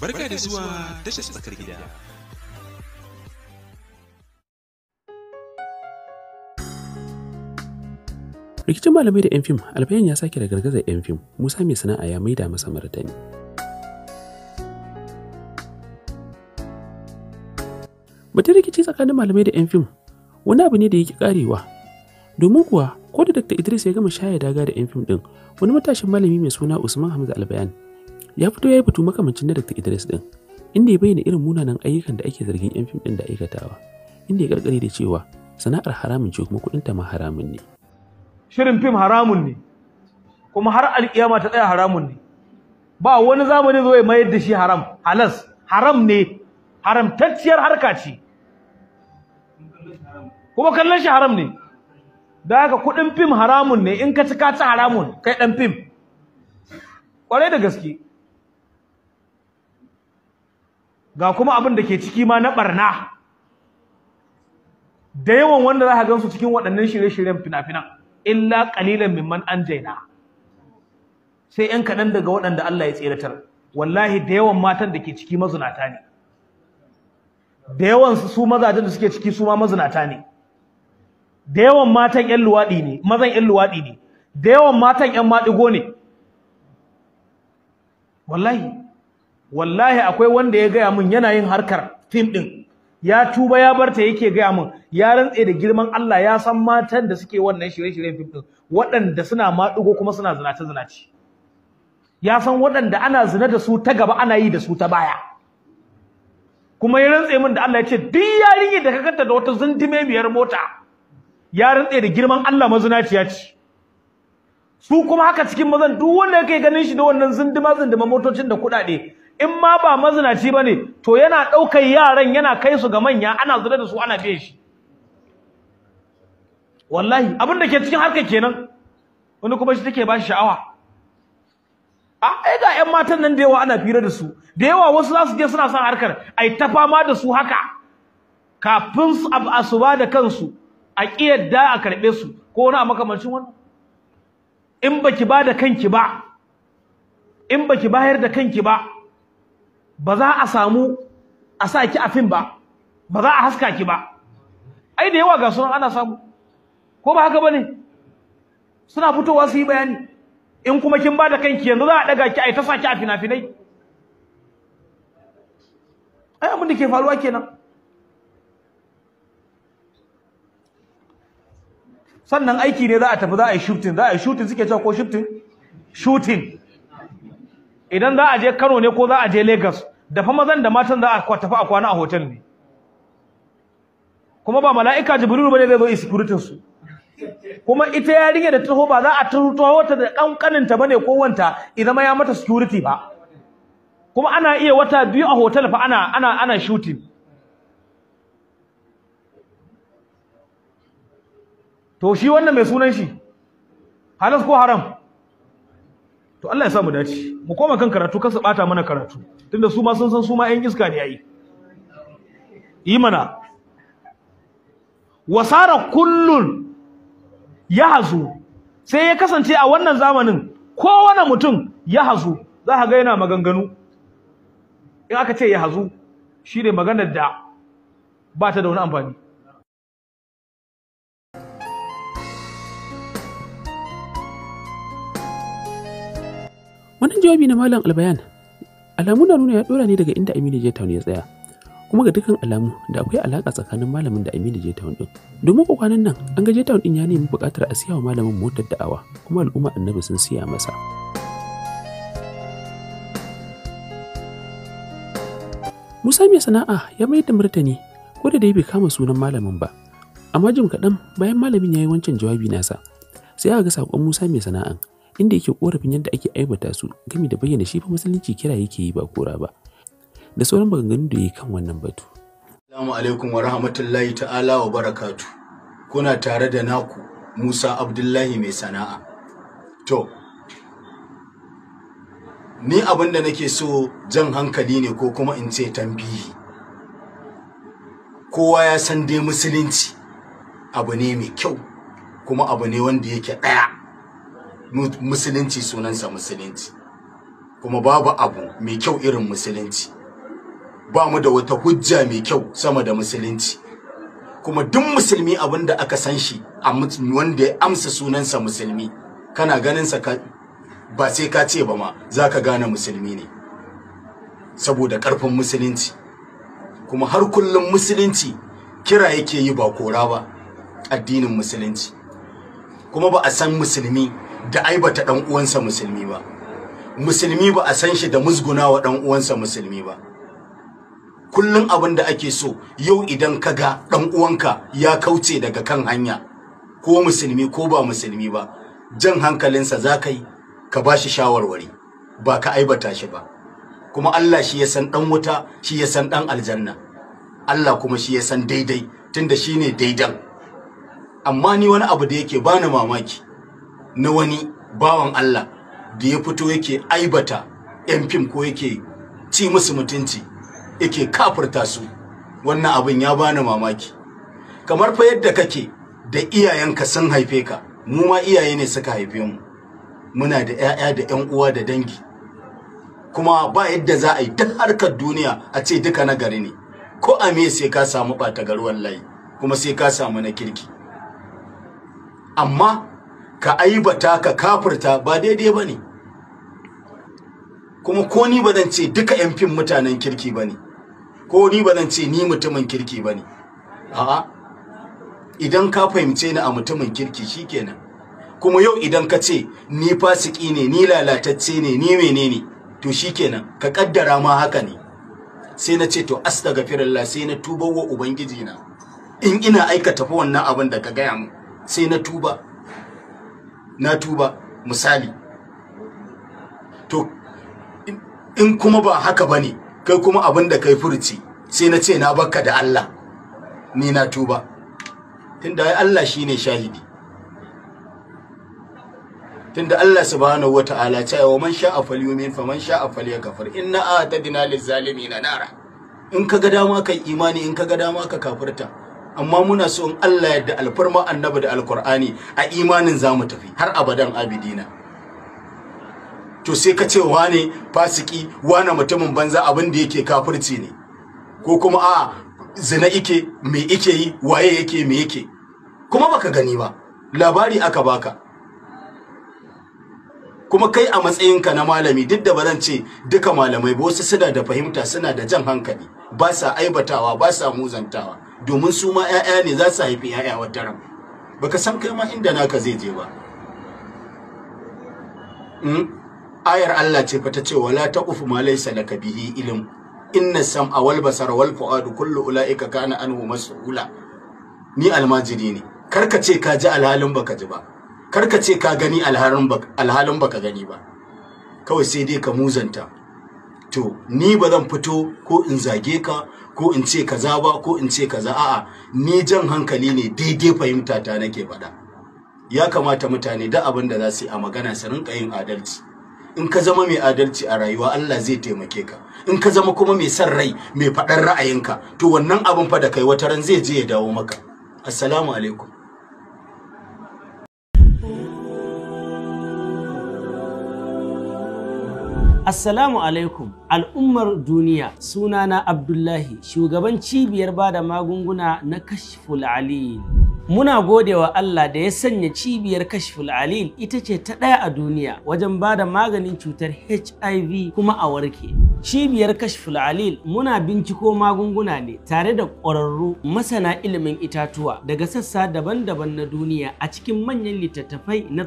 Barka da zuwa tashar tsakar gida. Rikicin malamai da 'yan fim, alfayan ya sake da gargazar 'yan fim, Musa mai sana'a ya maida masa martani. Batun rikici tsakanin malamai da 'yan fim, wani abu ne da yake karewa. Domin kuwa, ko da Dr. Idris ya gama shaya daga da 'yan fim ɗin, wani matashin malami mai suna Usman Hamza Albayan ya fito ya yi batu makamancin na Dr. Idris din inda ya bayyana irin munanan ayyukan da ake zargin yan fim din da aikatawa inda ya karkare da cewa sana'ar haramun ce kuma kuɗin ta ma haramun ne shirin fim haramun ne kuma har alƙiyama ta tsaya haramun ne ba wani zamani zo ya mayar da shi haram halas haram ne haramtacciyar harka ce kuma kallon shi haram ne da haka kuɗin fim haramun ne in ka ci ka ci haramun kai ɗan fim ƙwarai da gaske ga kuma abin da ke ciki ma na barna da yawan wanda za ka gansu cikin waɗannan shirye-shiryen fina-finan illa ƙalilan mimman jaina sai yan kaɗan daga waɗanda Allah ya tseratar wallahi da yawan matan da ke ciki mazunata ne da yawan su mazajen da suke ciki su ma mazunata ne da yawan matan yan luwaɗi ne mazan yan luwaɗi ne da yawan matan yan maɗigo ne wallahi wallahi akwai wanda ya gaya mun yana yin harkar fim din ya tuba ya barta yake gaya mun. ya rantse da girman Allah ya san matan da suke wannan shirye-shiryen fim din waɗanda suna maɗugo kuma suna zinace-zinace ya san waɗanda ana zina da su ta gaba ana yi da su ta baya kuma ya rantse min da Allah ya ce duk yarinyar da ka kanta da wata zindime biyar mota ya rantse da girman Allah mazinaciya ce su kuma haka cikin mazan duk wanda yake ganin shi da wannan zindima zindima motocin da kuɗaɗe in ma ba mazinaci ba ne to yana ɗaukar yaran yana kai su ga manya ana zura da su ana fiye shi wallahi abin da ke cikin harkar kenan wani kuma shi take ba shi sha'awa a ai ga ƴan matan nan da yawa ana fira da su da yawa wasu za su je suna son harkar ai ta fama da su haka kafin su asuba da kansu a da a karɓe su ko wani a makamancin wannan in baki ba da kanki ba in baki bayar da kanki ba ba za a samu a sa ki a fim ba ba za a haska ki ba ai da yawa ga sunan ana samu ko ba haka ba ne? suna fitowa su yi bayani in kuma kin bada kanki yanzu za a daga ki a yi ta sa ki a fina-finai. ai abin da ke faruwa kenan sannan aiki ne za a tafi za a yi shooting za a yi shooting suke cewa ko shooting shooting idan za a je Kano ne ko za a je Lagos da fa mazan da matan za a tafi a kwana a hotel ne kuma ba mala'ika jibrilu bane zai zo ispiritin su kuma ita yarinya da taho ba za a turuto ta da ta bane ko wanta idan ma ya mata security ba kuma ana iya wata biyu a hotel fa ana ana ana shooting to shi wannan mai sunan shi halas ko haram to Allah ya sa mu dace mu koma kan karatu kar su bata mana karatu tunda su ma sun san su ma yan iska ne yayi yi mana wasara kullun ya hazu sai ya kasance a wannan zamanin kowane mutum ya hazu za ka ga yana maganganu in aka ce ya hazu shine maganar da bata da wani amfani wannan jawabi na malam albayan alamu na nuna ya dora ne daga inda aminu jetown ya tsaya kuma ga dukkan alamu da akwai alaka tsakanin malamin da aminu jetown din domin ko kwanan nan an ga jetown din ya nemi bukatar a siya wa malamin motar da'awa kuma al'umma annabi sun siya masa Musa mai sana'a ya mai da martani ko da dai bai kama sunan malamin ba. Amma jim kaɗan bayan malamin ya yi wancan jawabi nasa, sai aka ga saƙon Musa mai sana'an inda yake korafin yadda ake aibata su gami da bayyana shi fa musulunci kira yake yi ba kora ba da sauran maganganun da ya kan wannan batu. Assalamu alaikum wa rahmatullahi ta'ala wa barakatu. Kuna tare da naku Musa Abdullahi mai sana'a. To, ni abin da nake so jan hankali ne ko kuma in ce tambihi. Kowa ya san dai musulunci abu ne mai kyau kuma abu ne wanda yake ɗaya. musulunci sunansa musulunci kuma babu abu mai kyau irin musulunci ba mu da wata hujja mai kyau sama da musulunci kuma duk musulmi abin da aka san shi a wanda ya amsa sunansa musulmi kana ganinsa ba sai ka ce ba ma za ka gane musulmi ne saboda ƙarfin musulunci kuma har kullum musulunci kira yake yi ba kora ba addinin musulunci kuma ba a san musulmi da ai bata dan uwansa musulmi ba musulmi ba a san shi da musgunawa dan uwansa musulmi ba kullun abin da ake so yau idan ka ga dan uwanka ya kauce daga kan hanya ko musulmi ko ba musulmi ba jan hankalinsa za ka yi ka ba shi shawarwari ba ka aibata shi ba kuma Allah shi ya san dan wuta shi ya san dan aljanna Allah kuma shi ya san daidai tunda shine daidan amma ni wani abu da yake bani mamaki na wani bawan Allah da ya fito yake aibata 'yan fim ko yake ci musu mutunci yake kafurta su wannan abin ya bani mamaki kamar fa yadda kake da iyayenka sun haife ka mu ma iyaye ne suka haife mu muna da 'ya'ya da 'yan uwa da dangi kuma ba yadda za a yi duk harkar duniya a ce duka na gari ne ko a me sai ka samu ɓata garuwan layi kuma sai ka samu na kirki amma ka aibata ka kafirta ba daidai ba ne kuma ko ni ba zan ce duka yan fin mutanen kirki ba ne ko ni ba zan ce ni mutumin kirki ba ne a'a idan ka fahimce ni a mutumin kirki shikenan kuma yau idan ka ce ni fasiki ne ni lalatacce ne ni menene to shikenan ka kaddara ma haka ne sai na ce to astaghfirullah sai na tubawa wa ubangiji na in ina aikata fa wannan abin da ka gaya mu sai na tuba na tuba misali to in kuma ba haka ba ne kai kuma abin da kai furuci sai na ce na bakka da Allah ni na tuba tunda ai Allah shine shahidi tunda Allah subhanahu wata'ala ta wa man sha'a falyumin fa man sha'a falyakfur inna atadna na nara in kaga dama kai imani in kaga dama ka kafirta amma muna so in Allah yadda alfarma annabi da alkur'ani a imanin za mu tafi har abadan abidina to sai ka ce wane fasiki wane mutumin banza abin da yake kafirci ne ko kuma a zina ike me ike yi waye yake me yake kuma baka gani ba labari aka baka kuma kai a matsayinka na malami duk da bazan ce duka malamai ba wasu suna da fahimta suna da jan hankali ba sa aibatawa ba sa muzantawa domin su ma 'ya'ya ne za su haifi 'ya'ya wata ran baka san kai ma inda naka zai je ba hmm? ayar Allah ce fata ta ce wala taqufu ma laysa laka bihi ilm inna sam'a wal basara wal fuadu kullu ulaika kana anhu mas'ula ni almajiri ne karka ce ka ji alhalin baka ji ba karka ce ka gani alhalin baka gani ba kawai sai dai ka muzanta to ni ba zan fito ko in zage ka ko in ce kaza ba ko in ce kaza a'a ni jan hankali ne daidai fahimta ta nake faɗa ya kamata mutane da abin da za su yi a magana su rinka yin adalci in ka zama mai adalci a rayuwa Allah zai taimake ka in ka zama kuma mai son rai mai faɗar ra'ayinka to wannan abin fa da kai wata ran zai je ya dawo maka assalamu alaikum Assalamu alaikum al'ummar duniya sunana Abdullahi shugaban cibiyar bada magunguna na kashiful alil. Muna gode wa Allah da ya sanya cibiyar kashiful alil ita ce ta ɗaya a duniya wajen ba da maganin cutar HIV kuma a warke. Cibiyar kashiful alil muna binciko magunguna ne tare da ƙwararru masana ilimin itatuwa daga sassa daban-daban na duniya a cikin manyan littattafai na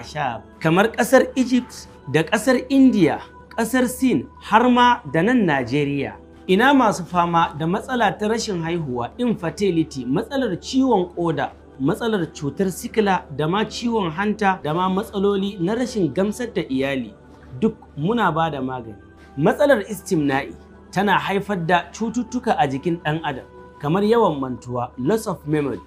a'shab kamar ƙasar Egypt da ƙasar Indiya, ƙasar Sin har ma da nan Najeriya. Ina masu fama da matsala ta rashin haihuwa infertility, matsalar ciwon ƙoda, matsalar cutar sikila da ma ciwon hanta da ma matsaloli na rashin gamsar da iyali duk muna ba da magani. Matsalar istimna'i tana haifar da cututtuka a jikin ɗan adam kamar yawan mantuwa, loss of memory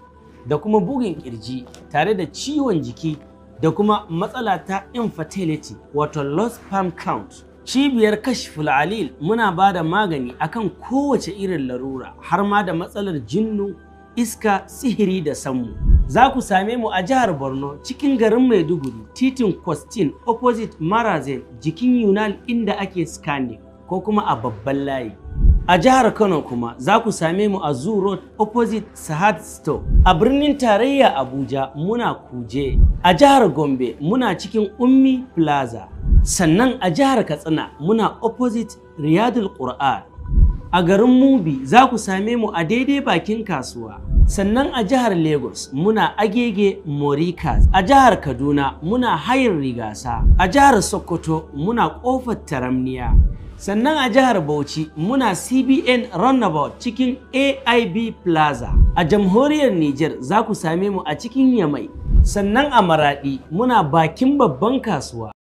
da kuma bugun kirji tare da ciwon jiki da kuma matsala ta infertility wato 'Lost sperm count cibiyar kashful alil muna ba da magani akan kowace irin larura har ma da matsalar jinnu iska sihiri da sammu za ku same mu a jihar borno cikin garin maiduguri titin kwastin opposite marazin jikin yunal inda ake scanning ko kuma a babban layi A jihar Kano kuma za ku same mu a Zoo Road opposite Sahad Store. A birnin tarayya Abuja muna Kuje. A jihar Gombe muna cikin Ummi Plaza. Sannan a jihar Katsina muna opposite Riyadul Qur'an. A garin Mubi za ku same mu a daidai bakin kasuwa. sannan a jihar lagos muna agege morikas a jihar kaduna muna hayin rigasa a jihar sokoto muna kofar taramniya sannan a jihar bauchi muna cbn runabout cikin aib plaza a jamhuriyar niger za ku same mu a cikin yamai sannan a maradi muna bakin babban kasuwa